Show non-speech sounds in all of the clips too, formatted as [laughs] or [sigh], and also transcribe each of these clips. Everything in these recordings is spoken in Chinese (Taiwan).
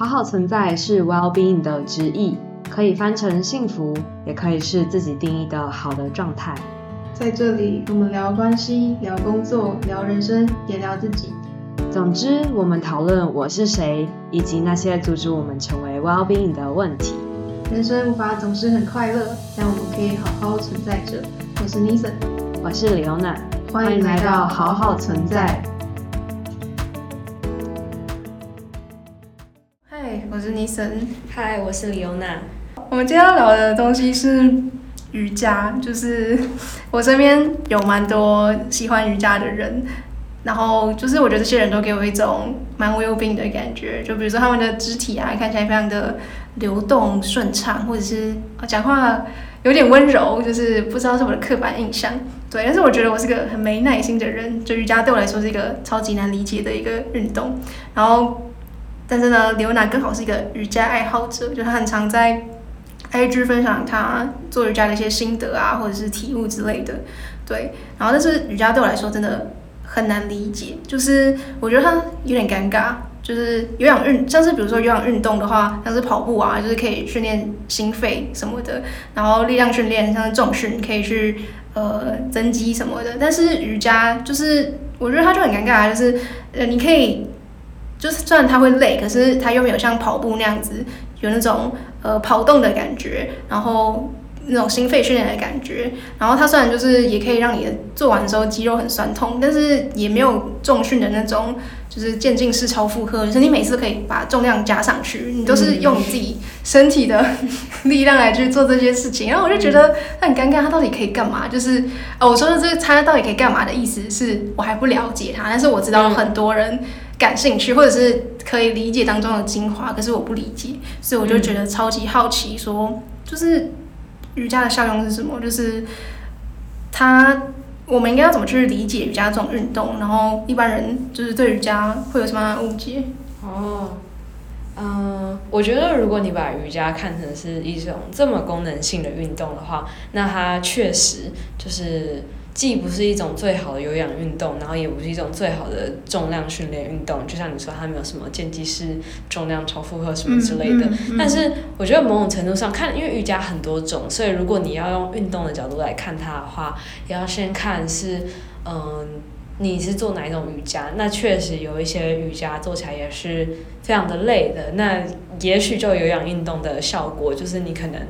好好存在是 well being 的直譯，可以翻成幸福，也可以是自己定義的好的狀態。在這裡，我們聊關係，聊工作，聊人生，也聊自己。總之，我們討論我是誰，以及那些阻止我們成為 well being 的問題。人生無法總是很快樂，但我們可以好好存在着。我是 Nissen，我是 Leona，歡迎來到好好存在。醫生，嗨，我是 Leona。我們今天要聊的東西是瑜伽，就是我身邊有蠻多喜歡瑜伽的人，然後就是我覺得這些人都給我一種蠻 wellbeing 的感覺，就比如說他們的肢體啊看起來非常的流動順暢，或者是講話有點溫柔，就是不知道是我的刻板印象。對，但是我覺得我是個很沒耐心的人，就瑜伽對我來說是一個超級難理解的一個運動，然後。但是呢，劉娜剛好是一個瑜伽愛好者，就是她很常在 IG 分享她做瑜伽的一些心得啊，或者是體悟之類的。對，然後但是瑜伽對我來說真的很難理解，就是我覺得它有點尷尬。就是有氧運，像是比如說有氧運動的話，像是跑步啊，就是可以訓練心肺什麼的，然後力量訓練像是重訓可以去呃增肌什麼的。但是瑜伽就是我覺得它就很尷尬啊，就是呃你可以。就是雖然他會累，可是他又沒有像跑步那樣子有那種呃跑動的感覺，然後那種心肺訓練的感覺。然後他雖然就是也可以讓你做完之後肌肉很痠痛，但是也沒有重訓的那種，就是漸進式超負荷，就是你每次可以把重量加上去，你都是用你自己身體的力量來去做這些事情。然後我就覺得他很尷尬，他到底可以幹嘛？就是哦，我說的這個它到底可以幹嘛的意思是我還不了解他，但是我知道很多人，感興趣，或者是可以理解當中的精華，可是我不理解，所以我就覺得超級好奇說，說、嗯、就是瑜伽的效用是什麼？就是它，我們應該要怎麼去理解瑜伽這種運動？然後一般人就是對瑜伽會有什麼誤解？哦、嗯、呃，我覺得如果你把瑜伽看成是一種這麼功能性的運動的話，那它確實就是。既不是一種最好的有氧運動，然後也不是一種最好的重量訓練運動，就像你說它沒有什麼漸進式重量超負荷什麼之類的，嗯嗯嗯。但是我覺得某種程度上看，因為瑜伽很多種，所以如果你要用運動的角度來看它的話，也要先看是嗯、呃。你是做哪一種瑜伽？那確實有一些瑜伽做起來也是非常的累的。那也許就有氧運動的效果，就是你可能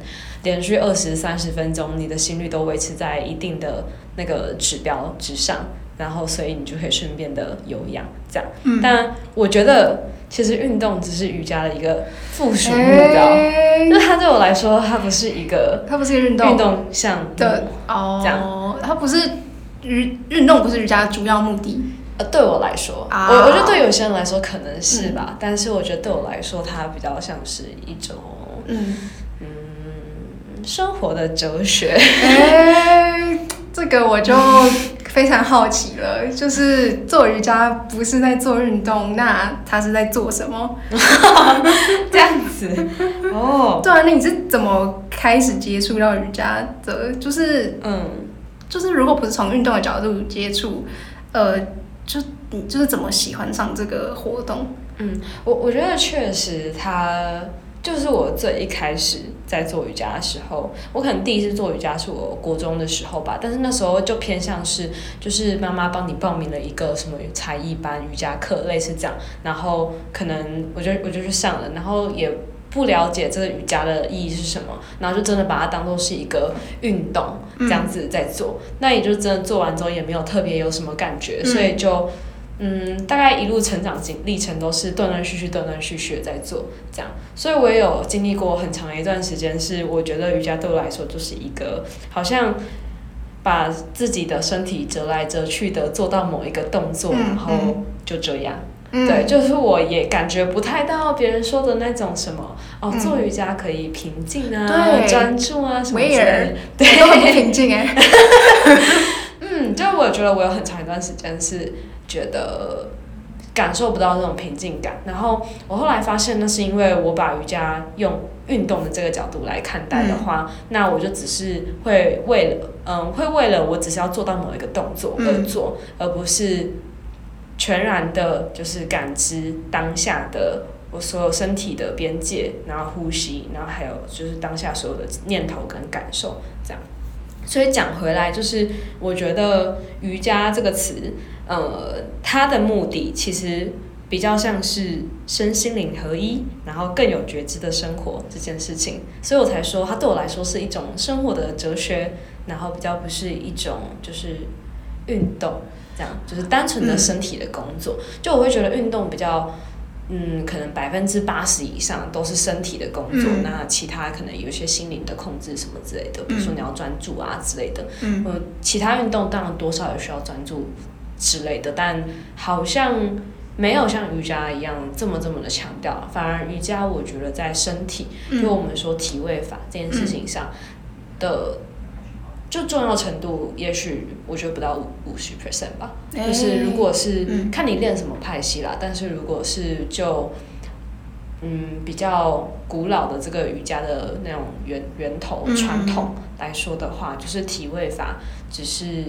連續二十三十分鐘，你的心率都維持在一定的那個指標之上，然後所以你就可以順便的有氧這樣。嗯、但我覺得其實運動只是瑜伽的一個附屬目標，那、欸、它對我來說，它不是一個，它不是運動運動項目哦，這樣它不是。運運動不是瑜伽的主要目的，呃，對我來說，我、oh. 我覺得對有些人來說可能是吧，嗯、但是我覺得對我來說，它比較像是一種，嗯嗯，生活的哲學。哎、欸，這個我就非常好奇了， [laughs] 就是做瑜伽不是在做運動，那他是在做什麼？ [laughs] [laughs] 這樣子？哦、oh.，對啊，那你是怎麼開始接觸到瑜伽的？就是嗯。就是如果不是從運動的角度接觸，呃，就你就是怎麼喜歡上這個活動？嗯，我我覺得確實它就是我最一開始在做瑜伽的時候，我可能第一次做瑜伽是我國中的時候吧，但是那時候就偏向是就是媽媽幫你報名了一個什麼才藝班瑜伽課類似這樣，然後可能我就我就去上了，然後也。不了解這個瑜伽的意義是什麼，然後就真的把它當做是一個運動這樣子在做、嗯，那也就真的做完之後也沒有特別有什麼感覺，嗯、所以就嗯，大概一路成長歷程都是斷斷續續、斷斷續續的在做這樣，所以我也有經歷過很長一段時間，是我覺得瑜伽對我來說就是一個好像把自己的身體折來折去的做到某一個動作，然後就這樣。嗯嗯 [noise] 對，就是我也感覺不太到別人說的那種什麼哦，做瑜伽可以平靜啊，嗯、專注啊什麼之類的。對，都很平靜哎。嗯，就我覺得我有很長一段時間是覺得感受不到那種平靜感，然後我後來發現那是因為我把瑜伽用運動的這個角度來看待的話，嗯、那我就只是會為了嗯，會為了我只是要做到某一個動作而做，嗯、而不是。全然的，就是感知當下的我所有身體的邊界，然後呼吸，然後還有就是當下所有的念頭跟感受，這樣。所以講回來，就是我覺得瑜伽這個詞，呃，它的目的其實比較像是身心靈合一，然後更有覺知的生活這件事情。所以我才說，它對我來說是一種生活的哲學，然後比較不是一種就是運動。這樣就是單純的身體的工作，嗯、就我會覺得運動比較，嗯，可能百分之八十以上都是身體的工作，嗯、那其他可能有一些心靈的控制什麼之類的，比如說你要專注啊之類的，嗯，呃、其他運動當然多少也需要專注之類的，但好像沒有像瑜伽一樣這麼這麼的強調，反而瑜伽我覺得在身體，嗯、就我們說體位法這件事情上的。就重要程度，也許我覺得不到五十 percent 吧。就是如果是看你練什麼派系啦，但是如果是就嗯比較古老的這個瑜伽的那種源源頭傳統來說的話，就是體位法只是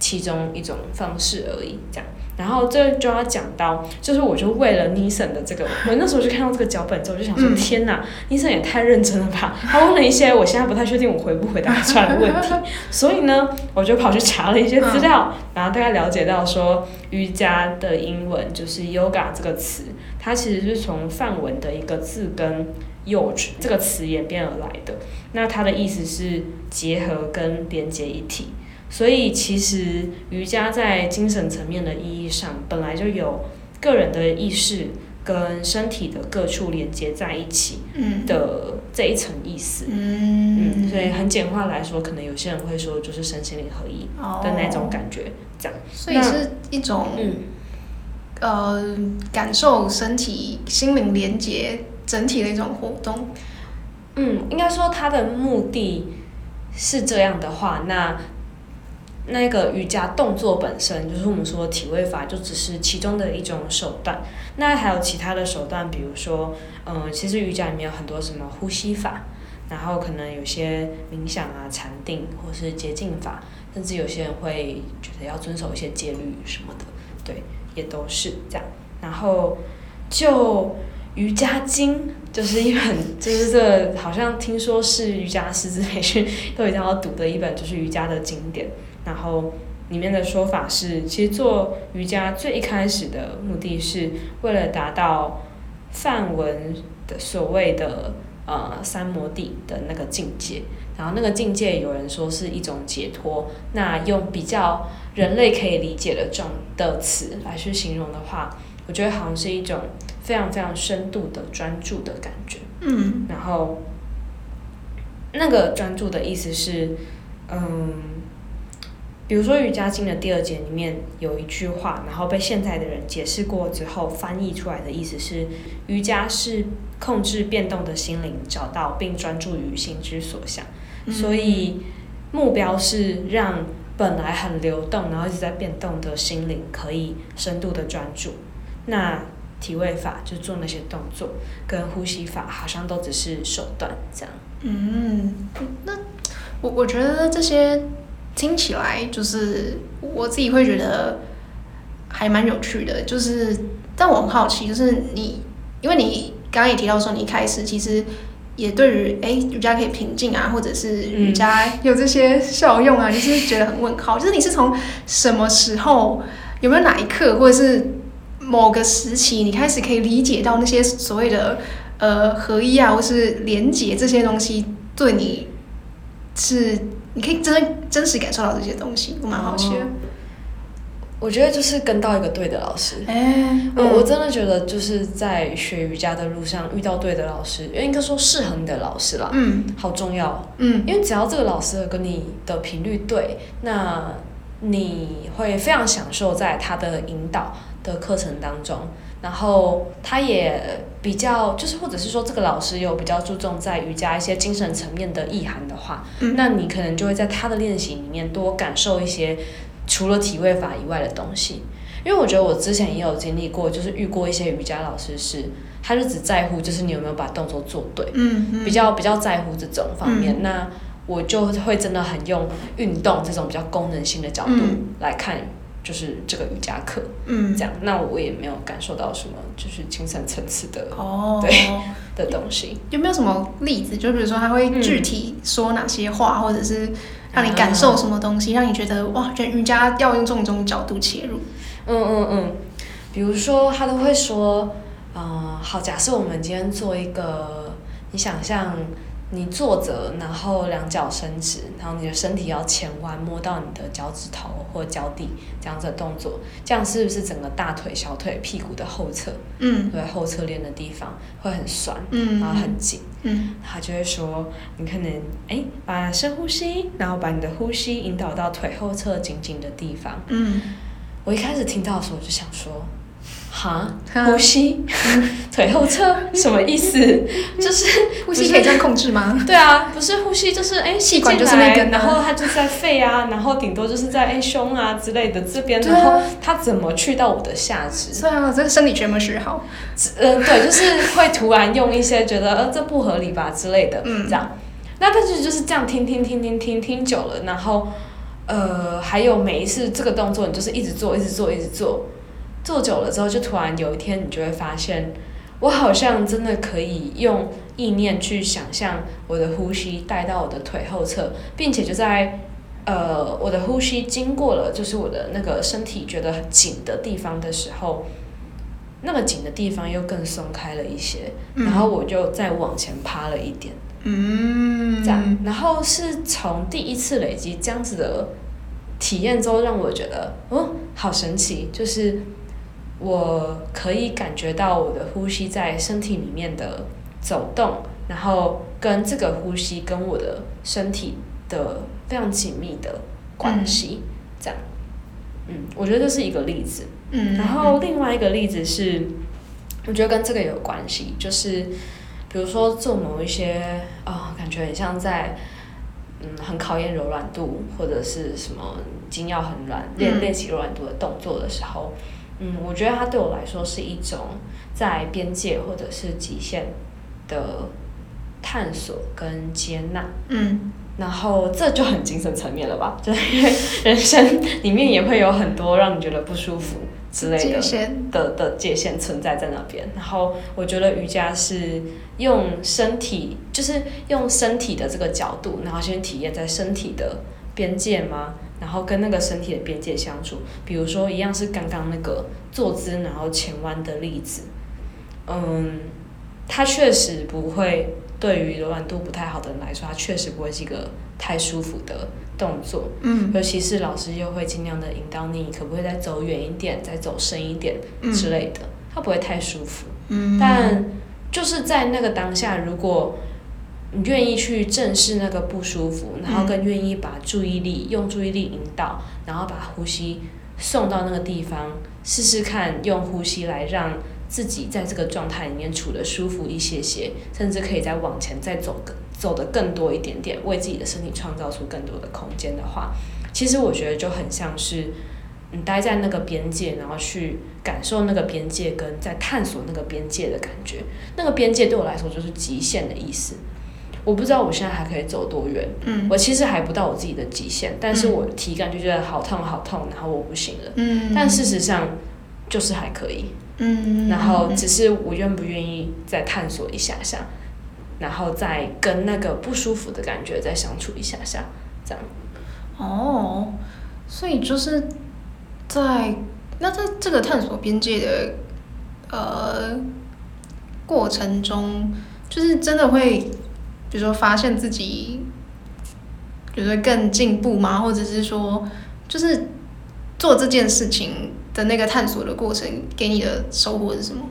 其中一種方式而已，這樣。然後這就要講到，就是我就為了 Nissen 的這個，我那時候就看到這個腳本之後，我就想說：天哪，Nissen 也太認真了吧！他問了一些我現在不太確定我回不回答出來的問題， [laughs] 所以呢，我就跑去查了一些資料，嗯、然後大概了解到說，瑜伽的英文就是 Yoga 這個詞，它其實是從梵文的一個字根 Yuj 這個詞演變而來的。那它的意思是結合跟連接一體。所以其實瑜伽在精神層面的意義上，本來就有個人的意識跟身體的各處連接在一起的這一層意思嗯。嗯，所以很簡化來說，可能有些人會說，就是身心靈合一的那種感覺、哦，這樣。所以是一種，嗯、呃，感受身體心靈連接整體的一種活動。嗯，應該說它的目的是這樣的話，那。那個瑜伽動作本身就是我們說的體位法，就只是其中的一種手段。那還有其他的手段，比如說，嗯，其實瑜伽裡面有很多什麼呼吸法，然後可能有些冥想啊、禪定，或是潔淨法，甚至有些人會覺得要遵守一些戒律什麼的，對，也都是這樣。然後，就瑜伽經，就是一本，就是這個，好像聽說是瑜伽師資培訓都一定要讀的一本，就是瑜伽的經典。然後，裡面的說法是，其實做瑜伽最一開始的目的是為了達到梵文的所謂的呃三摩地的那個境界。然後那個境界有人說是一種解脫，那用比較人類可以理解的這種的詞來去形容的話，我覺得好像是一種非常非常深度的專注的感覺。嗯，然後那個專注的意思是，嗯。比如說瑜伽經的第二節裡面有一句話，然後被現在的人解釋過之後翻譯出來的意思是，瑜伽是控制變動的心靈，找到並專注於心之所想，嗯。所以目標是讓本來很流動，然後一直在變動的心靈可以深度的專注。那體位法就做那些動作，跟呼吸法好像都只是手段這樣。嗯，那我我覺得這些。聽起來就是我自己會覺得還蠻有趣的，就是但我很好奇，就是你，因為你剛剛也提到說你一開始其實也對於誒、欸、瑜伽可以平靜啊，或者是瑜伽有這些效用啊，嗯、你是不是覺得很問號。 [laughs] 就是你是從什麼時候有沒有哪一刻，或者是某個時期，你開始可以理解到那些所謂的呃合一啊，或是連接這些東西，對你是？你可以真真實感受到這些東西，我蠻好奇的、哦。我覺得就是跟到一個對的老師，我、欸嗯嗯、我真的覺得就是在學瑜伽的路上遇到對的老師，因為應該說適合你的老師啦，嗯、好重要、嗯，因為只要這個老師跟你的頻率對，那你會非常享受在他的引導的課程當中。然後他也比較，就是或者是說，這個老師有比較注重在瑜伽一些精神層面的意涵的話、嗯,那你可能就會在他的練習裡面多感受一些除了體位法以外的東西。因為我覺得我之前也有經歷過，就是遇過一些瑜伽老師，是他就只在乎就是你有沒有把動作做對、嗯嗯，比較比較在乎這種方面、嗯。那我就會真的很用運動這種比較功能性的角度來看。就是這個瑜伽課，嗯，這樣，那我也沒有感受到什麼，就是精神層次的哦，對的東西，有沒有什麼例子？就比如說他會具體說哪些話，嗯、或者是讓你感受什麼東西，嗯、讓你覺得哇，這瑜伽要用這種，這種角度切入。嗯嗯嗯，比如說他都會說，嗯，呃、好，假設我們今天做一個，你想象。你坐着，然後兩腳伸直，然後你的身體要前彎，摸到你的腳趾頭或腳底，這樣子的動作，這樣是不是整個大腿、小腿、屁股的後側，嗯，對後側練的地方會很酸，嗯，然後很緊，嗯，他就會說，你可能哎、欸，把深呼吸，然後把你的呼吸引導到腿後側緊緊的地方，嗯，我一開始聽到的時候就想說。哈、huh?，呼吸，腿後側， [laughs] 什麼意思？就是呼吸可以這樣控制嗎？對啊，不是呼吸，就是哎，吸、欸、氣管就是那根、進、啊、來，然後它就在肺啊，然後頂多就是在哎、欸、胸啊之類的這邊，然後它怎麼去到我的下肢？對啊，這個生理學沒學好。嗯，對，就是會突然用一些覺得呃這不合理吧之類的，嗯，這樣。那但是就是這樣，聽聽聽聽聽聽久了，然後呃還有每一次這個動作，你就是一直做，一直做，一直做。做久了之後，就突然有一天，你就會發現，我好像真的可以用意念去想象我的呼吸帶到我的腿後側，並且就在，呃，我的呼吸經過了，就是我的那個身體覺得很緊的地方的時候，那麼緊的地方又更鬆開了一些，然後我就再往前趴了一點，嗯，這樣，然後是從第一次累積這樣子的體驗之後，讓我覺得，哦，好神奇，就是。我可以感覺到我的呼吸在身體裡面的走動，然後跟這個呼吸跟我的身體的非常緊密的關係，嗯，這樣，嗯，我覺得這是一個例子。嗯。然後另外一個例子是，我覺得跟這個有關係，就是比如說做某一些啊、哦，感覺很像在嗯，很考驗柔軟度或者是什麼筋要很軟，練練習柔軟度的動作的時候。嗯嗯，我覺得它對我來說是一種在邊界或者是極限的探索跟接納。嗯。然後這就很精神層面了吧？就是因為人生裡面也會有很多讓你覺得不舒服之類的的的界限存在在那邊。然後我覺得瑜伽是用身體、嗯，就是用身體的這個角度，然後先體驗在身體的邊界嗎？然後跟那個身體的邊界相處，比如說一樣是剛剛那個坐姿，然後前彎的例子，嗯，它確實不會對於柔軟度不太好的人來說，它確實不會是一個太舒服的動作，嗯，尤其是老師又會盡量的引導你，可不可以再走遠一點，再走深一點之類的，嗯，它不會太舒服，嗯，但就是在那個當下，如果願意去正視那個不舒服，然後更願意把注意力，用注意力引導，然後把呼吸送到那個地方試試看，用呼吸來讓自己在這個狀態裡面處得舒服一些些，甚至可以再往前再走，更走得更多一點點，為自己的身體創造出更多的空間的話，其實我覺得就很像是你待在那個邊界，然後去感受那個邊界跟在探索那個邊界的感覺，那個邊界對我來說就是極限的意思。我不知道我現在還可以走多遠。嗯，我其實還不到我自己的極限，嗯，但是我體感就覺，覺得好痛好痛，嗯，然後我不行了。嗯，但事實上就是還可以。嗯，然後只是我願不願意再探索一下下，嗯，然後再跟那個不舒服的感覺再相處一下下，這樣。哦，所以就是在，哦、那在這個探索邊界的呃過程中，就是真的會，嗯。比如說發現自己，覺得更進步嗎？或者是說，就是做這件事情的那個探索的過程，給你的收穫是什麼？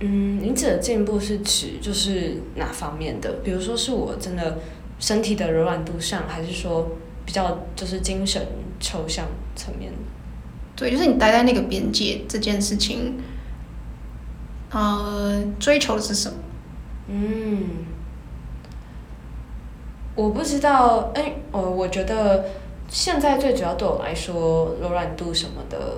嗯，你指的進步是指就是哪方面的？比如說是我真的身體的柔軟度上，還是說比較就是精神抽象層面？對，就是你待在那個邊界這件事情，呃，追求是什麼？嗯。我不知道，哎、欸，呃，我覺得現在最主要對我來說，柔軟度什麼的，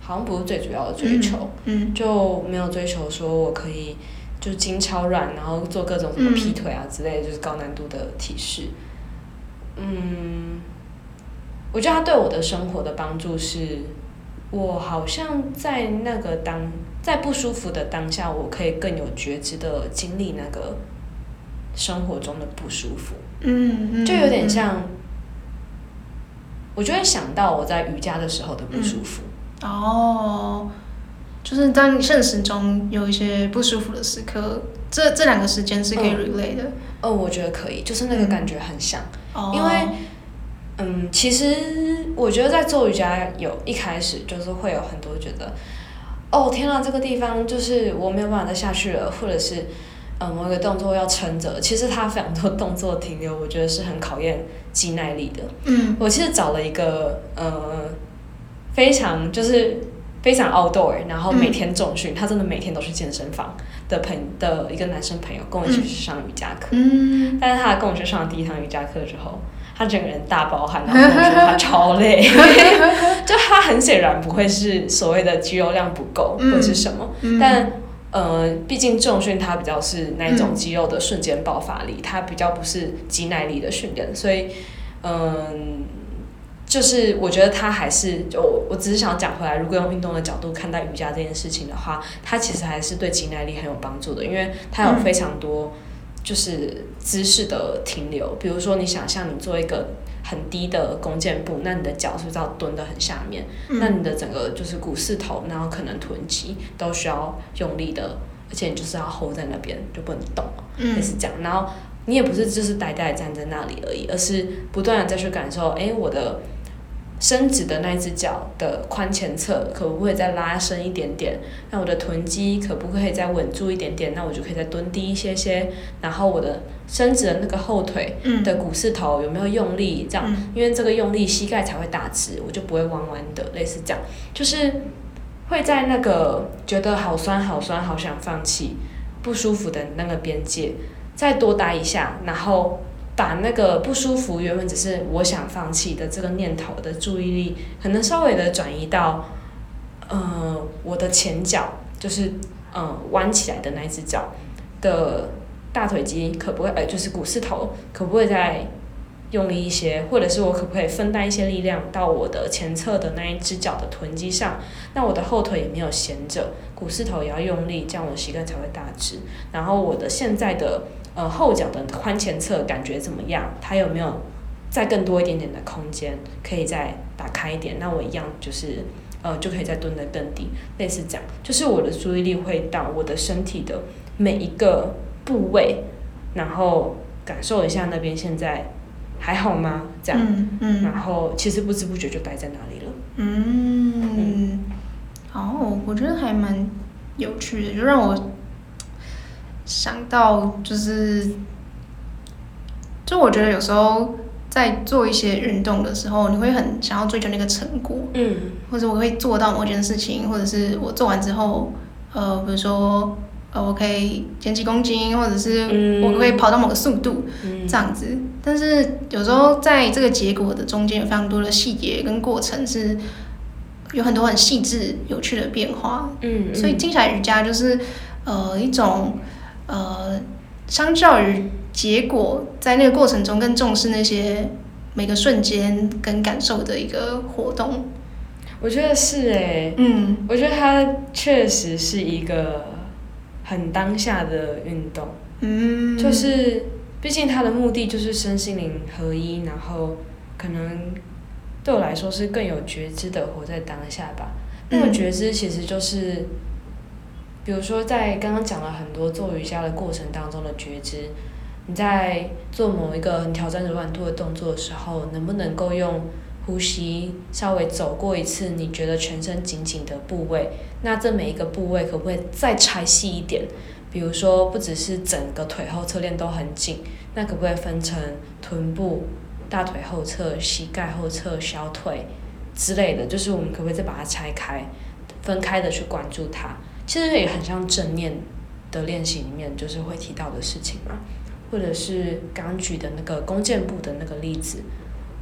好像不是最主要的追求，嗯嗯、就沒有追求說我可以就筋超軟，然後做各種什麼劈腿啊之類的，就是高難度的體式。嗯，我覺得它對我的生活的幫助是，我好像在那個當，在不舒服的當下，我可以更有覺知的經歷那個。生活中的不舒服，嗯，嗯，就有點像，我就會想到我在瑜伽的時候的不舒服。嗯、哦，就是當現實中有一些不舒服的時刻，這這兩個時間是可以 relay 的哦。哦，我覺得可以，就是那個感覺很像，嗯、因為、哦，嗯，其實我覺得在做瑜伽有一開始就是會有很多覺得，哦天吶、啊，這個地方就是我沒有辦法再下去了，或者是。呃、嗯，我有個動作要撐着，其實他非常多動作停留，我覺得是很考驗肌耐力的。嗯，我其實找了一個呃，非常就是非常 outdoor，然後每天重訓、嗯，他真的每天都去健身房的朋的一個男生朋友跟我一起去上瑜伽課。嗯，但是他跟我去上第一堂瑜伽課之後，他整個人大爆汗，然後跟我說他超累， [laughs] 就他很顯然不會是所謂的肌肉量不夠、嗯、或是什麼，嗯、但。呃，畢竟重訓它比較是那種肌肉的瞬間爆發力，嗯，它比較不是肌耐力的訓練，所以，嗯，就是我覺得它還是，就我我只是想講回來，如果用運動的角度看待瑜伽這件事情的話，它其實還是對肌耐力很有幫助的，因為它有非常多就是姿勢的停留，嗯，比如說你想象你做一個。很低的弓箭步，那你的腳是不是要蹲得很下面？嗯、那你的整個就是股四頭，然後可能臀肌都需要用力的，而且你就是要 hold 在那邊，就不能動，也、嗯、是這樣。然後你也不是就是呆呆站在那裡而已，而是不斷的再去感受，哎、欸，我的。伸直的那隻腳的髖前側可不可以再拉伸一點點？那我的臀肌可不可以再穩住一點點？那我就可以再蹲低一些些。然後我的伸直的那個後腿的股四頭、嗯、有沒有用力？這樣，因為這個用力，膝蓋才會打直，我就不會彎彎的，類似這樣。就是會在那個覺得好酸、好酸、好想放棄、不舒服的那個邊界再多待一下，然後。把那個不舒服，原本只是我想放棄的這個念頭的注意力，可能稍微的轉移到，呃，我的前腳就是呃彎起來的那一隻腳的大腿肌可不會，呃，就是股四頭可不會再用力一些，或者是我可不可以分擔一些力量到我的前側的那一隻腳的臀肌上？那我的後腿也沒有閒着，股四頭也要用力，這樣我膝蓋才會打直。然後我的現在的。呃，後腳的髖前側感覺怎麼樣？它有沒有再更多一點點的空間，可以再打開一點？那我一樣就是，呃，就可以再蹲得更低，類似這樣。就是我的注意力會到我的身體的每一個部位，然後感受一下那邊現在還好嗎？這樣嗯，嗯，然後其實不知不覺就待在那裡了嗯。嗯，好，我覺得還蠻有趣的，就讓我。想到就是，就我覺得有時候在做一些運動的時候，你會很想要追求那個成果，嗯，或者我會做到某件事情，或者是我做完之後，呃，比如說呃，我可以減幾公斤，或者是我可以跑到某個速度，嗯，這樣子。但是有時候在這個結果的中間，有非常多的細節跟過程，是有很多很細緻、有趣的變化，嗯，嗯，所以聽起來瑜伽就是呃一種。呃，相較於結果，在那個過程中更重視那些每個瞬間跟感受的一個活動，我覺得是哎、欸，嗯，我覺得它確實是一個很當下的運動，嗯，就是畢竟它的目的就是身心靈合一，然後可能對我來說是更有覺知的活在當下吧。那種覺知其實就是。比如說，在剛剛講了很多做瑜伽的過程當中的覺知，你在做某一個很挑戰柔軟度的動作的時候，能不能夠用呼吸稍微走過一次？你覺得全身緊緊的部位，那這每一個部位可不可以再拆細一點？比如說，不只是整個腿後側鏈都很緊，那可不可以分成臀部、大腿後側、膝蓋後側、小腿之類的？就是我們可不可以再把它拆開，分開的去關注它？其實也很像正念的練習裡面就是會提到的事情嘛，或者是剛舉的那個弓箭步的那個例子，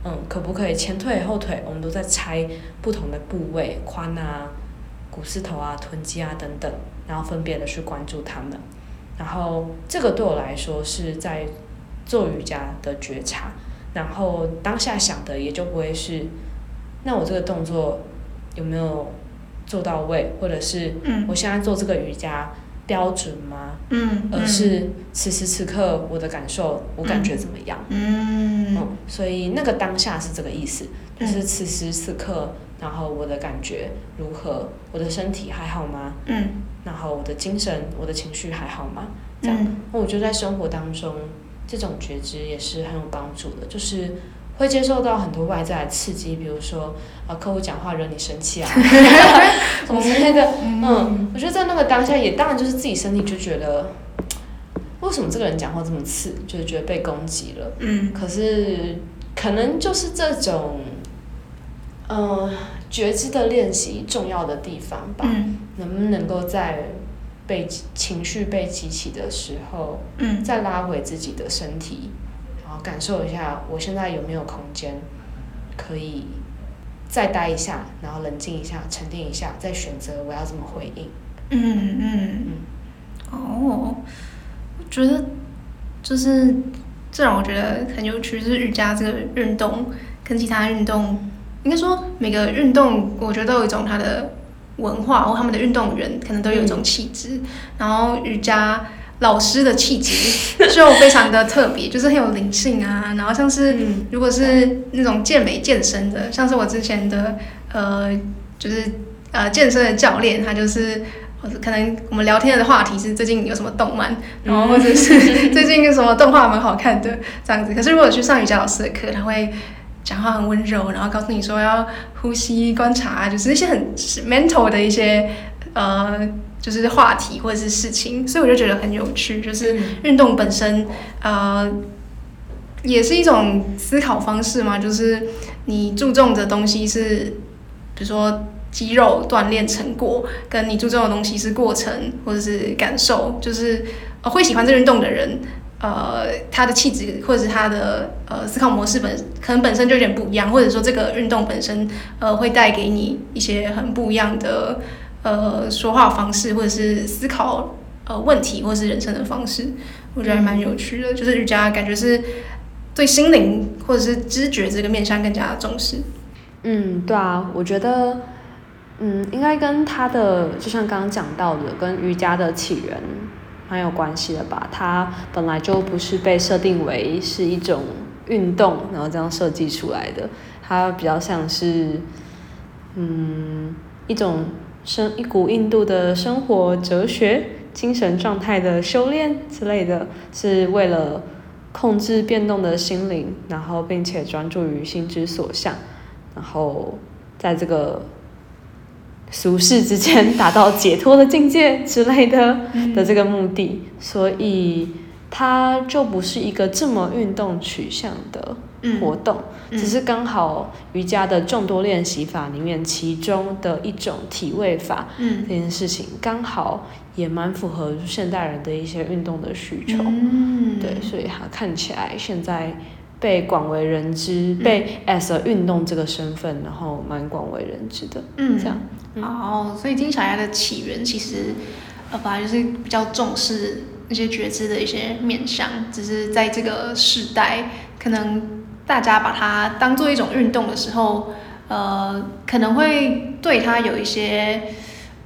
嗯，可不可以前腿後腿我們都在拆不同的部位，髖啊、股四頭啊、臀肌啊等等，然後分別的去關注他們，然後這個對我來說是在做瑜伽的覺察，然後當下想的也就不會是，那我這個動作有沒有？做到位，或者是、嗯、我現在做這個瑜伽標準嗎？嗯，而是、嗯、此時此刻、嗯、我的感受、嗯，我感覺怎麼樣？嗯，嗯，所以那個當下是這個意思，就是此時此刻，然後我的感覺如何？我的身體還好嗎？嗯，然後我的精神、我的情緒還好嗎？這樣，那、嗯、我覺得在生活當中，這種覺知也是很有幫助的，就是。會接受到很多外在的刺激，比如說啊、呃，客戶講話惹你生氣啊，什 [laughs] 麼、 [laughs] 那個嗯，嗯，我覺得在那個當下，也當然就是自己身體就覺得，為什麼這個人講話這麼刺，就是覺得被攻擊了。嗯。可是可能就是這種，呃，覺知的練習重要的地方吧。嗯、能不能夠在被情緒被激起的時候，嗯，再拉回自己的身體？感受一下，我現在有沒有空間可以再待一下，然後冷靜一下，沉澱一下，再選擇我要怎麼回應。嗯嗯嗯，哦，嗯，oh, 我覺得就是這讓我覺得很有趣，就是瑜伽這個運動，跟其他運動應該說每個運動，我覺得都有一種它的文化，或他們的運動員可能都有一種氣質，嗯，然後瑜伽。老師的氣質就非常的特別， [laughs] 就是很有靈性啊。然後像是，嗯、如果是那種健美健身的，嗯、像是我之前的呃，就是呃健身的教練，他就是可能我們聊天的話題是最近有什麼動漫，嗯、然後或者是最近有什麼動畫蠻好看的這樣子。 [laughs] 可是如果去上瑜伽老師的課，他會講話很溫柔，然後告訴你說要呼吸、觀察，就是那些很 mental 的一些呃。就是話題或者是事情，所以我就覺得很有趣。就是運動本身、嗯，呃，也是一種思考方式嘛。就是你注重的東西是，比如說肌肉鍛鍊成果，跟你注重的東西是過程或者是感受。就是、呃、會喜歡這運動的人，呃，他的氣質或者是他的呃思考模式本可能本身就有點不一樣，或者說這個運動本身，呃，會帶給你一些很不一樣的。呃，說話方式或者是思考呃問題或是人生的方式，我覺得還蠻有趣的。嗯、就是瑜伽，感覺是對心靈或者是知覺這個面向更加的重視。嗯，對啊，我覺得，嗯，應該跟他的就像剛剛講到的，跟瑜伽的起源蠻有關係的吧。它本來就不是被設定為是一種運動，然後這樣設計出來的。它比較像是，嗯，一種。生一股印度的生活哲學、精神狀態的修煉之類的，是為了控制變動的心靈，然後並且專注於心之所向，然後在這個俗世之間達到解脫的境界之類的的這個目的，嗯、所以，它就不是一個這麼運動取向的活動，嗯嗯、只是剛好瑜伽的眾多練習法裡面其中的一種體位法這件事情，剛好也蠻符合現代人的一些運動的需求、嗯嗯。對，所以它看起來現在被廣為人知，嗯、被 as 運動這個身份，然後蠻廣為人知的。嗯，這樣。好，所以金小鴨的起源其實，呃，反正就是比較重視。那些覺知的一些面向，只是在這個時代，可能大家把它當做一種運動的時候，呃，可能會對它有一些，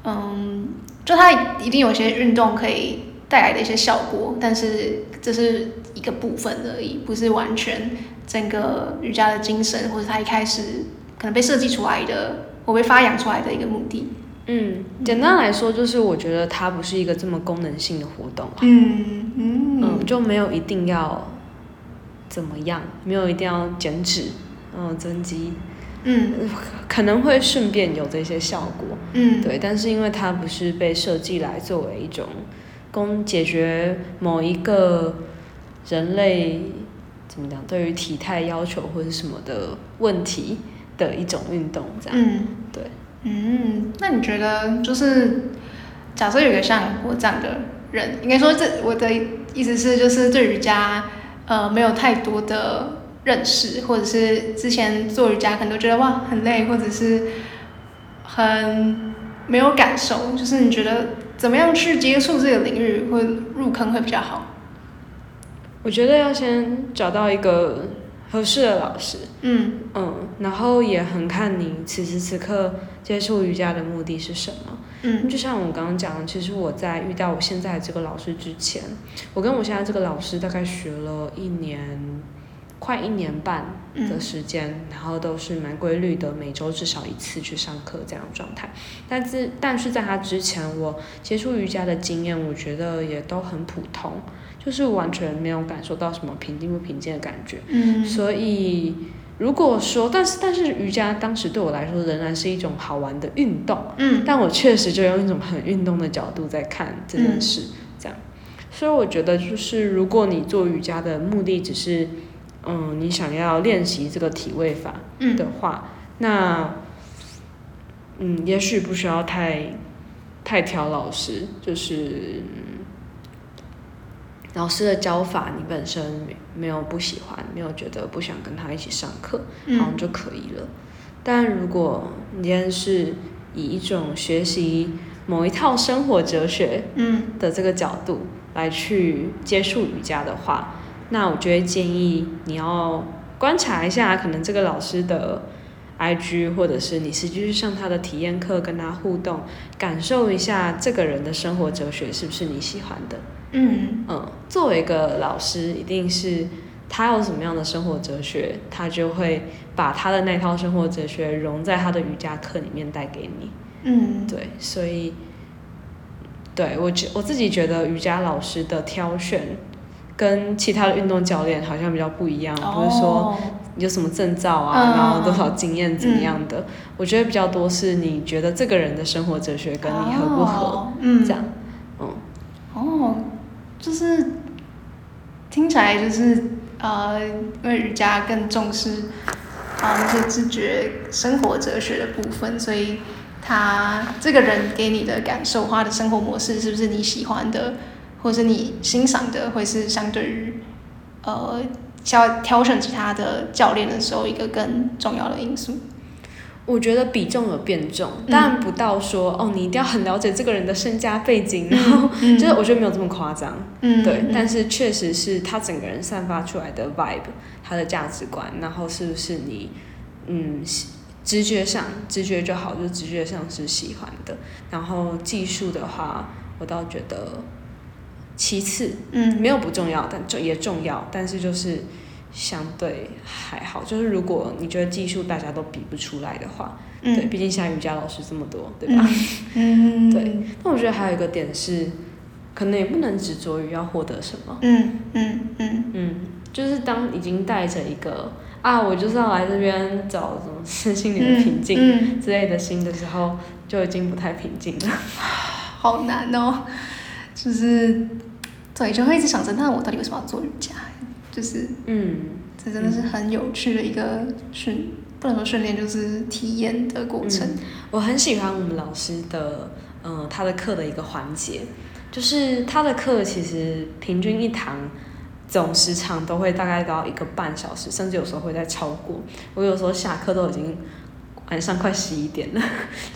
嗯，就它一定有一些運動可以帶來的一些效果，但是這是一個部分而已，不是完全整個瑜伽的精神，或者它一開始可能被設計出來的，或被發揚出來的一個目的。嗯，簡單來說，就是我覺得它不是一個這麼功能性的活動啊，嗯嗯，嗯，就沒有一定要怎麼樣，沒有一定要減脂，嗯，增肌，嗯，可能會順便有這些效果，嗯，對，但是因為它不是被設計來作為一種，供解決某一個人類，嗯，怎麼講對於體態要求或者什麼的問題的一種運動，這樣，嗯，對。嗯，那你覺得就是，假設有個像我這樣的人，應該說這我的意思是，就是對瑜伽，呃，沒有太多的認識，或者是之前做瑜伽可能都覺得哇很累，或者是很沒有感受，就是你覺得怎麼樣去接觸這個領域會入坑會比較好？我覺得要先找到一個。合適的老師，嗯嗯，然後也很看你此時此刻接觸瑜伽的目的是什麼。嗯，就像我剛剛講的，其實我在遇到我現在的這個老師之前，我跟我現在這個老師大概學了一年，快一年半的時間，嗯、然後都是蠻規律的，每周至少一次去上課這樣的狀態。但是，但是在他之前，我接觸瑜伽的經驗，我覺得也都很普通。就是完全沒有感受到什麼平靜不平靜的感覺，嗯，所以如果說，但是但是瑜伽當時對我來說仍然是一種好玩的運動，嗯，但我確實就用一種很運動的角度在看這件事，嗯，這樣，所以我覺得就是如果你做瑜伽的目的只是，嗯，你想要練習這個體位法的話，嗯，那，嗯，也許不需要太太挑老師，就是。老師的教法，你本身沒有不喜歡，沒有覺得不想跟他一起上課，然後就可以了。嗯、但如果你今天是以一種學習某一套生活哲學的這個角度來去接觸瑜伽的話，那我覺得建議你要觀察一下，可能這個老師的。IG 或者是你實際去上他的體驗課，跟他互動，感受一下這個人的生活哲學是不是你喜歡的？嗯嗯，作為一個老師，一定是他有什麼樣的生活哲學，他就會把他的那套生活哲學融在他的瑜伽課裡面帶給你。嗯，對，所以，對，我自我自己覺得瑜伽老師的挑選，跟其他的運動教練好像比較不一樣，不，嗯、是說。哦有什麼證照啊？然後多少經驗、嗯、怎麼樣的、嗯？我覺得比較多是你覺得這個人的生活哲學跟你合不合？嗯，這樣，嗯、哦，就是聽起來就是呃，因為瑜伽更重視啊那些自覺生活哲學的部分，所以他這個人給你的感受，他的生活模式是不是你喜歡的，或者你欣賞的？會是相對於呃。挑挑選其他的教練的時候，一個更重要的因素，我覺得比重有變重，但不到說、嗯、哦，你一定要很了解這個人的身家背景，然後、嗯、就是我覺得沒有這麼誇張，嗯，對，嗯、但是確實是他整個人散發出來的 vibe，他的價值觀，然後是不是你嗯，直覺上，直覺就好，就直覺上是喜歡的，然後技術的話，我倒覺得。其次，嗯，沒有不重要，但就也重要，但是就是相對還好。就是如果你覺得技術大家都比不出來的話，嗯，對，畢竟像瑜伽老師這麼多，對吧？嗯，對。那我覺得還有一個點是，可能也不能執着於要獲得什麼。嗯嗯嗯嗯，就是當已經帶着一個啊，我就是要來這邊找什麼身心靈的平靜之類的心的時候，就已經不太平靜了。好難哦，就是。對，就會一直想着，那我到底為什麼要做瑜伽？就是，嗯，這真的是很有趣的一個訓、嗯，不能說訓練，就是體驗的過程、嗯。我很喜歡我們老師的，嗯、呃，他的課的一個環節，就是他的課其實平均一堂總時長都會大概到一個半小時，甚至有時候會再超過。我有時候下課都已經。晚上快十一點了，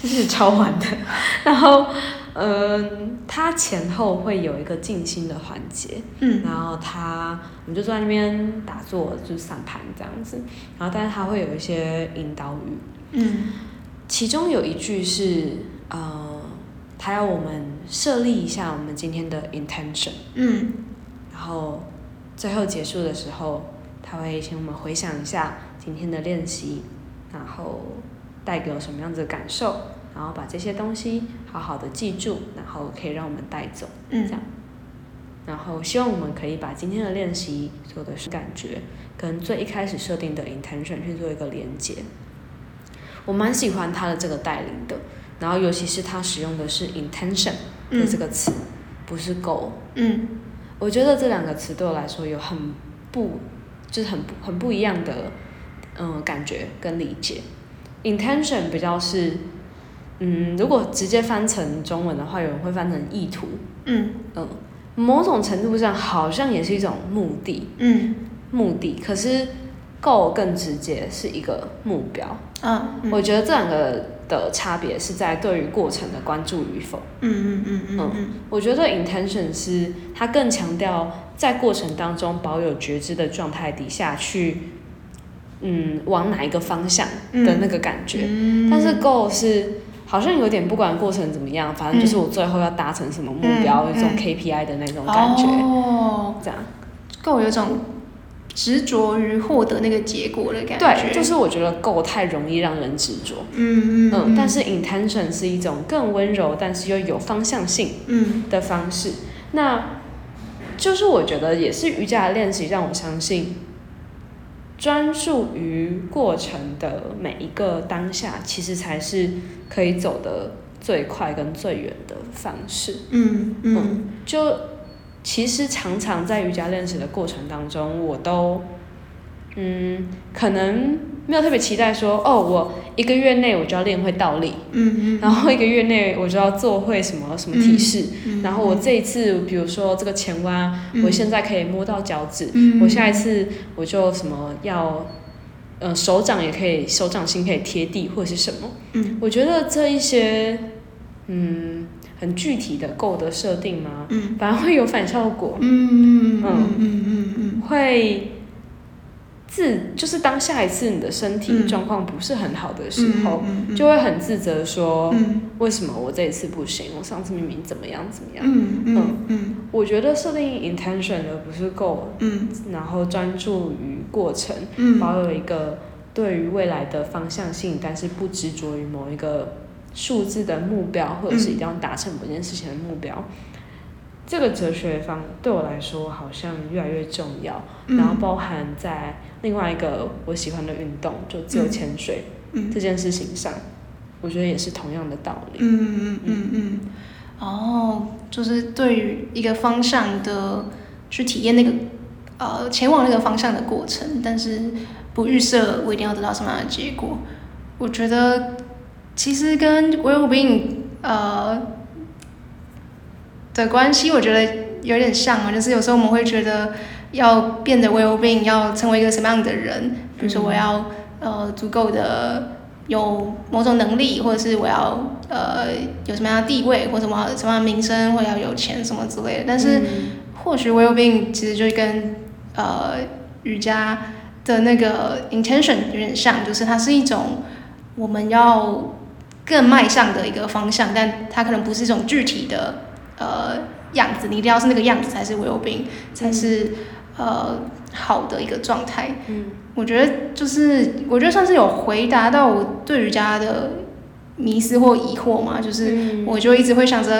就是超晚的。然後，嗯、呃，他前後會有一個靜心的環節，嗯，然後他我們就坐在那邊打坐，就是散盤這樣子。然後，但是他會有一些引導語，嗯，其中有一句是，呃，他要我們設立一下我們今天的 intention，嗯，然後最後結束的時候，他會請我們回想一下今天的練習，然後。帶給我什麼樣子的感受？然後把這些東西好好的記住，然後可以讓我們帶走，這樣、嗯。然後希望我們可以把今天的練習做的是感覺，跟最一開始設定的 intention 去做一個連接。我蠻喜歡他的這個帶領的，然後尤其是他使用的是 intention 的這個詞、嗯，不是 goal。嗯，我覺得這兩個詞對我來說有很不，就是很不很不一樣的嗯、呃、感覺跟理解。intention 比較是，嗯，如果直接翻成中文的話，有人會翻成意圖。嗯嗯，某種程度上好像也是一種目的。嗯，目的，可是 goal 更直接是一個目標。啊、嗯，我覺得這兩個的差別是在對於過程的關注與否。嗯嗯嗯嗯嗯，我覺得 intention 是它更強調在過程當中保有覺知的狀態底下去。嗯，往哪一個方向的那個感覺，嗯、但是 goal 是好像有點不管過程怎麼樣，嗯、反正就是我最後要達成什麼目標，嗯、一種 KPI 的那種感覺，哦、嗯嗯，這樣，goal 有種執着於獲得那個結果的感覺。對，就是我覺得 goal 太容易讓人執着。嗯，嗯但是 intention 是一種更溫柔，但是又有方向性的方式。嗯、那就是我覺得也是瑜伽的練習讓我相信。專注於過程的每一個當下，其實才是可以走得最快跟最遠的方式。嗯嗯，嗯，就其實常常在瑜伽練習的過程當中，我都嗯可能。沒有特別期待說，哦，我一個月內我就要練會倒立、嗯嗯，然後一個月內我就要做會什麼什麼體式、嗯嗯，然後我這一次，嗯、比如說這個前彎、嗯，我現在可以摸到腳趾，、嗯，我下一次我就什麼要，呃，手掌也可以，手掌心可以貼地或者是什麼、嗯，我覺得這一些，嗯，很具體的 goal 的設定嘛，反、嗯、而會有反效果，嗯嗯嗯嗯嗯嗯，嗯，會。自就是當下一次你的身體狀況不是很好的時候，嗯、就會很自責說、嗯，為什麼我這一次不行？我上次明明怎麼樣怎麼樣？嗯，嗯，嗯我覺得設定 intention 而不是 goal，嗯，然後專注於過程、嗯，保有一個對於未來的方向性，但是不執着於某一個數字的目標，或者是一定要達成某件事情的目標。這個哲學方對我來說好像越來越重要，然後包含在另外一個我喜歡的運動，嗯、就自由潛水、嗯、這件事情上，我覺得也是同樣的道理。嗯嗯嗯嗯哦，就是對於一個方向的去體驗那個呃前往那個方向的過程，但是不預設我一定要得到什麼樣的結果。我覺得其實跟 well being 呃，的關係，我覺得有點像啊，就是有時候我們會覺得要變得 well being，要成為一個什麼樣的人，比如說我要，嗯、啊、呃足夠的有某種能力，或者是我要呃有什麼樣的地位或什麼什麼名聲，或者要有錢什麼之類的。但是，嗯、或許 well being 其實就跟呃瑜伽的那個 intention 有點像，就是它是一種我們要更邁向的一個方向，但它可能不是一種具體的。呃，樣子，你一定要是那個樣子才是我有病，才是、嗯、呃好的一個狀態。嗯，我覺得就是我覺得算是有回答到我對瑜伽的迷思或疑惑嘛，就是我就一直會想着，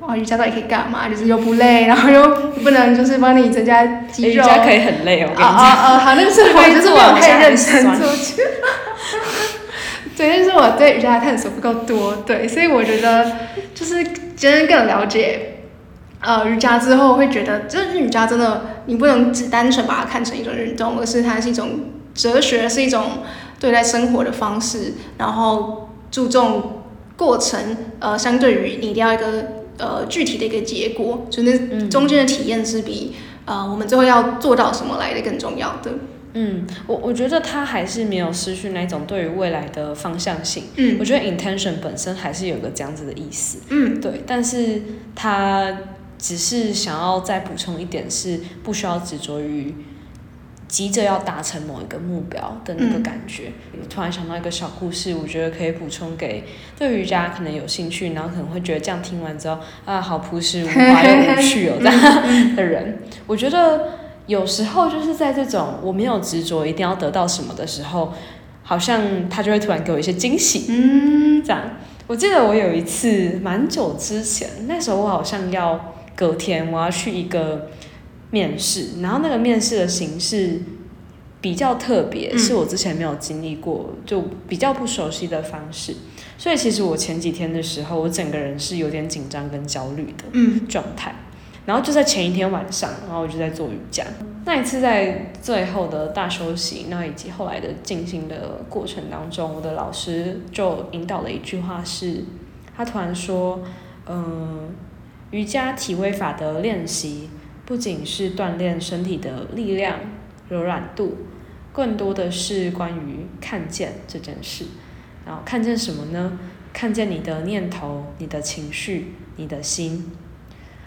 哇、哦，瑜伽到底可以幹嘛？就是又不累、嗯，然後又不能就是幫你增加肌肉，瑜、欸、伽可以很累哦。我啊啊啊，好，那個是我就是我可以認生出去。 [laughs] 所以是我對瑜伽的探索不夠多，對，所以我覺得就是今天更了解，呃，瑜伽之後會覺得，就是瑜伽真的，你不能只單純把它看成一種運動，而是它是一種哲學，是一種對待生活的方式，然後注重過程，呃，相對於你一定要一個呃具體的一個結果，就是、那中間的體驗是比、嗯、呃我們最後要做到什麼來的更重要的。嗯，我我覺得他還是沒有失去那種對於未來的方向性。嗯，我覺得 intention 本身還是有個這樣子的意思。嗯，對。但是他只是想要再補充一點，是不需要執着於急着要達成某一個目標的那個感覺。嗯，我突然想到一個小故事，我覺得可以補充給對瑜伽可能有興趣，然後可能會覺得這樣聽完之後啊，好樸實無華又無趣哦這樣的人，我覺得。有時候就是在這種我沒有執着一定要得到什麼的時候，好像他就會突然給我一些驚喜。嗯，這樣。我記得我有一次蠻、嗯、久之前，那時候我好像要隔天我要去一個面試，然後那個面試的形式比較特別、嗯，是我之前沒有經歷過，就比較不熟悉的方式。所以其實我前幾天的時候，我整個人是有點緊張跟焦慮的狀態。嗯。然後就在前一天晚上，然後我就在做瑜伽。那一次在最後的大休息，那以及後來的進行的過程當中，我的老師就引導了一句話是，是他突然說：“嗯、呃，瑜伽體位法的練習不僅是鍛鍊身體的力量、柔軟度，更多的是關於看見這件事。然後看見什麼呢？看見你的念頭、你的情緒、你的心。”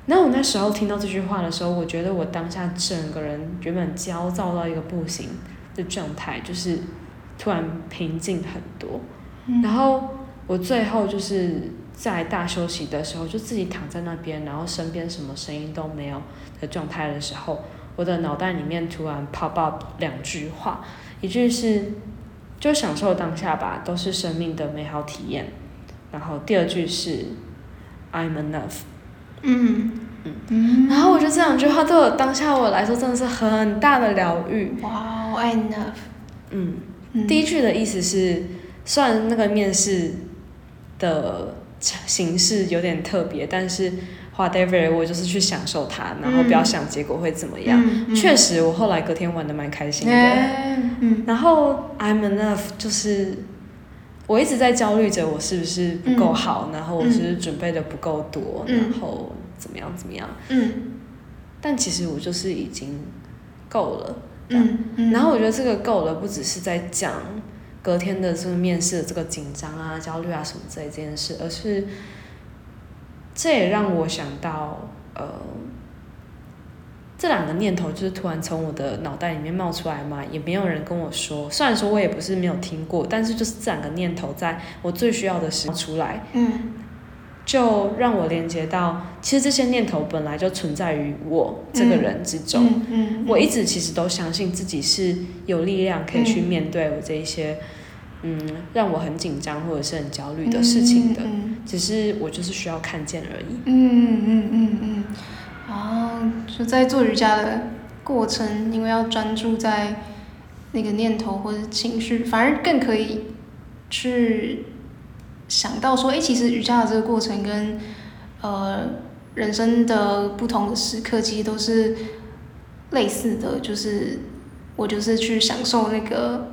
那我那時候聽到這句話的時候，我覺得我當下整個人原本焦躁到一個不行的狀態，就是突然平靜很多。嗯。然後我最後就是在大休息的時候，就自己躺在那邊，然後身邊什麼聲音都沒有的狀態的時候，我的腦袋裡面突然 pop up 兩句話，一句是就享受當下吧，都是生命的美好體驗。然後第二句是 I'm enough。嗯、mm -hmm. 嗯，然後我覺得這兩句話對我當下我來說真的是很大的療癒。哇，I love 嗯，mm -hmm. 第一句的意思是，雖然那個面試的形式有點特別，但是 whatever 我就是去享受它，然後不要想結果會怎麼樣。確、mm -hmm. 實，我後來隔天玩得蠻開心的。Mm -hmm. 然後 I'm enough 就是。我一直在焦慮着，我是不是不夠好，嗯，然後我是不是準備的不夠多、嗯，然後怎麼樣怎麼樣？嗯，但其實我就是已經夠了。嗯嗯，然後我覺得這個夠了，不只是在講隔天的這個面試的這個緊張啊、焦慮啊什麼之類這件事，而是這也讓我想到呃。這兩個念頭就是突然從我的腦袋裡面冒出來嘛，也沒有人跟我說。雖然說我也不是沒有聽過，但是就是這兩個念頭在我最需要的時候出來，嗯，就讓我連接到，其實這些念頭本來就存在於我這個人之中，嗯嗯嗯，我一直其實都相信自己是有力量可以去面對我這一些嗯，嗯，讓我很緊張或者是很焦慮的事情的，嗯嗯嗯嗯，只是我就是需要看見而已，嗯嗯嗯嗯啊，就在做瑜伽的過程，因為要專注在那個念頭或者情緒，反而更可以去想到說，誒、欸，其實瑜伽的這個過程跟呃人生的不同的時刻，其實都是類似的，就是我就是去享受那個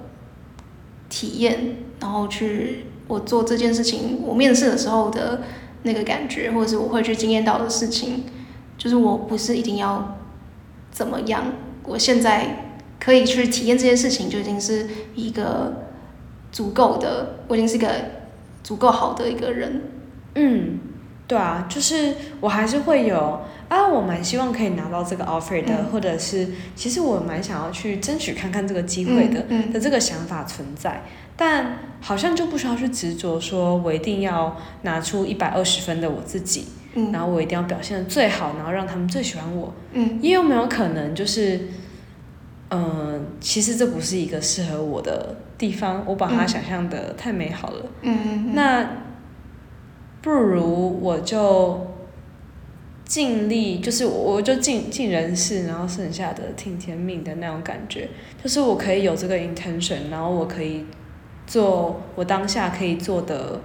體驗，然後去我做這件事情，我面試的時候的那個感覺，或者是我會去經驗到的事情。就是我不是一定要怎麼樣，我現在可以去體驗這件事情就已經是一個足夠的，我已經是一個足夠好的一個人。嗯，對啊，就是我還是會有啊，我蠻希望可以拿到這個 offer 的，嗯，或者是其實我蠻想要去爭取看看這個機會的，嗯，的這個想法存在，嗯，但好像就不需要去執着說，我一定要拿出一百二十分的我自己。然後我一定要表現的最好，然後讓他們最喜歡我。嗯，也有沒有可能就是，嗯、呃，其實這不是一個適合我的地方，我把它想象的太美好了。嗯，那不如我就盡力，就是我就盡盡人事，然後剩下的聽天命的那種感覺。就是我可以有這個 intention，然後我可以做我當下可以做的，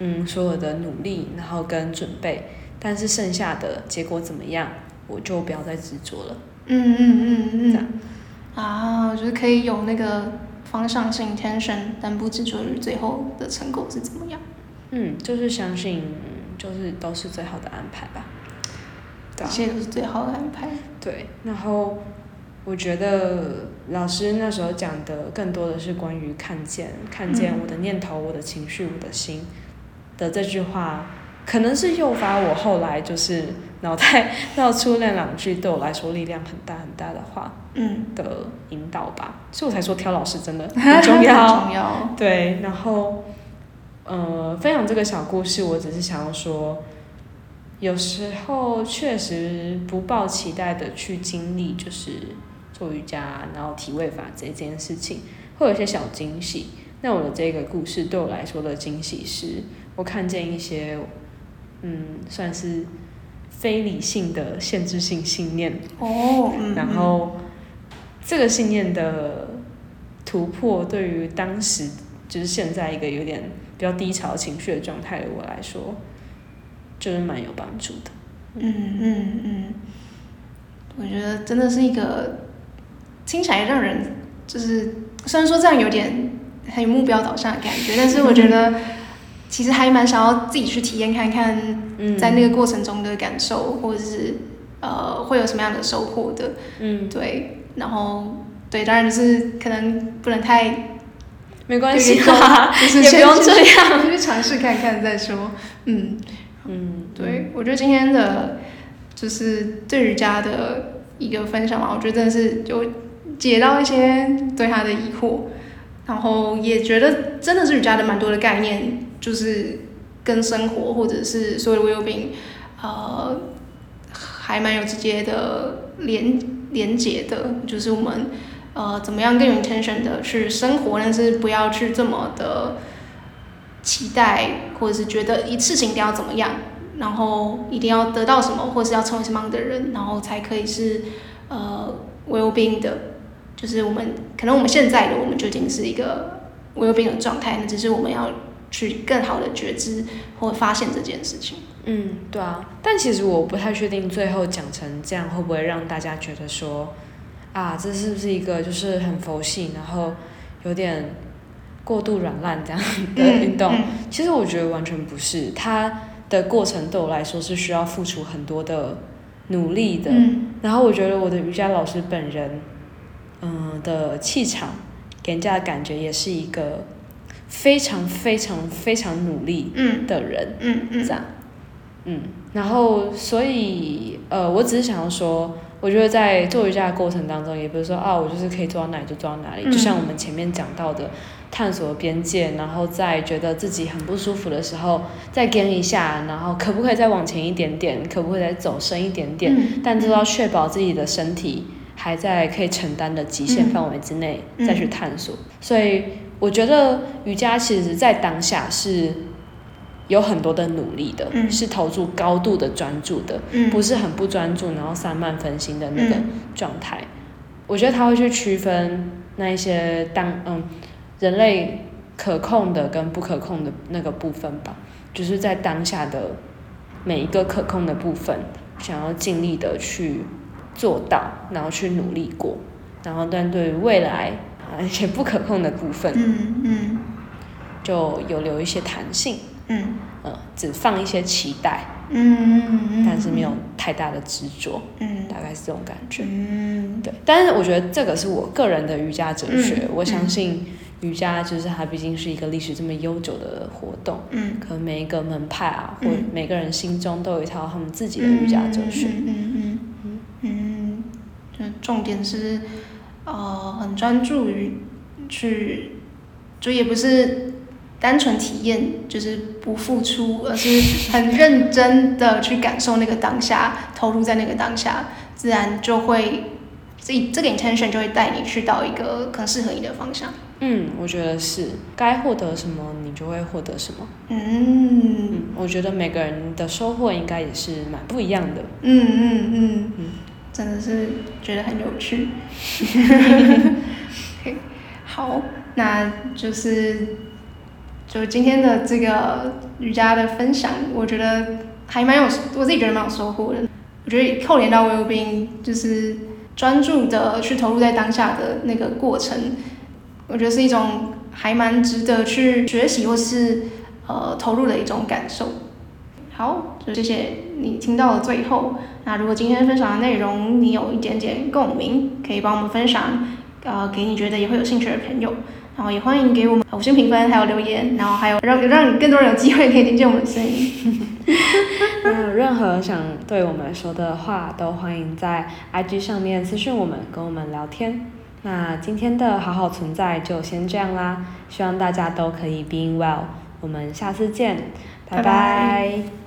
嗯，所有的努力，然後跟準備。但是剩下的結果怎麼樣，我就不要再執着了。嗯嗯嗯嗯，這樣啊，我覺得可以有那個方向性，intention，但不執着於最後的成果是怎麼樣。嗯，就是相信，就是都是最好的安排吧。一、嗯、切、嗯、都是最好的安排。對，然後我覺得老師那時候講的更多的是關於看見，看見我的念頭、嗯、我的情緒、我的心的這句話。可能是誘發我後來就是腦袋那初戀兩句對我來說力量很大很大的話，嗯的引導吧，所以我才說挑老師真的很重要，對，然後，呃，分享這個小故事，我只是想要說，有時候確實不抱期待的去經歷，就是做瑜伽，啊，然後體位法這件事情，會有一些小驚喜。那我的這個故事對我來說的驚喜是，我看見一些。嗯，算是非理性的限制性信念。哦，嗯、然後、嗯、這個信念的突破，對於當時就是現在一個有點比較低潮情緒的狀態的我來說，就是蠻有幫助的。嗯嗯嗯，嗯，我覺得真的是一個聽起來讓人就是雖然說這樣有點很有目標導向的感覺，但是我覺得、嗯。其實還蠻想要自己去體驗看看，在那個過程中的感受，嗯、或者是呃，會有什麼樣的收穫的。嗯，對。然後，對，當然就是可能不能太，沒關係的，也不用這樣，去嘗試看看再說。嗯嗯，對，我覺得今天的就是對瑜伽的一個分享嘛，我覺得真的是有解到一些對他的疑惑，然後也覺得真的是瑜伽的蠻多的概念，就是跟生活，或者是所謂的 well-being，呃，還蠻有直接的連連接的。就是我們呃，怎麼樣更有 intention 的去生活，但是不要去這麼的期待，或者是覺得一次性一定要怎麼樣，然後一定要得到什麼，或是要成為什麼樣的人，然後才可以是呃 well-being 的。就是我們可能我們現在的我們就已經是一個 well-being 的狀態，那只是我們要。去更好的覺知或發現這件事情。嗯，對啊，但其實我不太確定最後講成這樣會不會讓大家覺得說，啊，這是不是一個就是很佛系，然後有點過度軟爛這樣的運動？嗯、嗯。其實我覺得完全不是，它的過程對我來說是需要付出很多的努力的。嗯、然後我覺得我的瑜伽老師本人，嗯、呃、的氣場給人家的感覺也是一個。非常非常非常努力的人，嗯、這樣，嗯，然後所以呃，我只是想要說，我覺得在做瑜伽的過程當中，也不是說啊，我就是可以做到哪裡就做到哪裡，嗯、就像我們前面講到的，探索邊界，然後在覺得自己很不舒服的時候，再跟一下，然後可不可以再往前一點點，可不可以再走深一點點，嗯、但就要確保自己的身體還在可以承擔的極限範圍之內、嗯、再去探索，所以。我覺得瑜伽其實，在當下是有很多的努力的，嗯、是投注高度的專注的、嗯，不是很不專注，然後散漫分心的那個狀態、嗯。我覺得他會去區分那一些當嗯人類可控的跟不可控的那個部分吧，就是在當下的每一個可控的部分，想要盡力的去做到，然後去努力過，然後但對於未來。一些不可控的部分嗯，嗯嗯，就有留一些彈性嗯，嗯、呃、只放一些期待，嗯，嗯，嗯但是沒有太大的執着，嗯，大概是這種感覺，嗯，對。但是我覺得這個是我個人的瑜伽哲學。嗯、我相信瑜伽就是它畢竟是一個歷史這麼悠久的活動，嗯、可能每一個門派啊、嗯，或每個人心中都有一套他們自己的瑜伽哲學，嗯嗯嗯嗯，嗯，就重點是。哦、uh，很專注於去，就也不是單純體驗，就是不付出，而是很認真的去感受那個當下， [laughs] 投入在那個當下，自然就會，所以這個 intention 就會帶你去到一個可能適合你的方向。嗯，我覺得是，該獲得什麼你就會獲得什麼嗯。嗯，我覺得每個人的收穫應該也是蠻不一樣的。嗯嗯嗯嗯。嗯嗯真的是覺得很有趣。 [laughs] [laughs] okay, 好，那就是就今天的這個瑜伽的分享，我覺得還蠻有，我自己覺得蠻有收穫的。我覺得扣連到 well-being，就是專注的去投入在當下的那個過程，我覺得是一種還蠻值得去學習或是呃投入的一種感受。好，就謝謝。你聽到了最後，那如果今天分享的內容你有一點點共鳴，可以幫我們分享，呃，給你覺得也會有興趣的朋友，然後也歡迎給我們五星評分還有留言，然後還有讓讓更多人有機會可以聽見我們的聲音。有 [laughs] [laughs] 任何想對我們說的話，都歡迎在 IG 上面私信我們，跟我們聊天。那今天的好好存在就先這樣啦，希望大家都可以 being well，我們下次見，拜拜。Bye bye.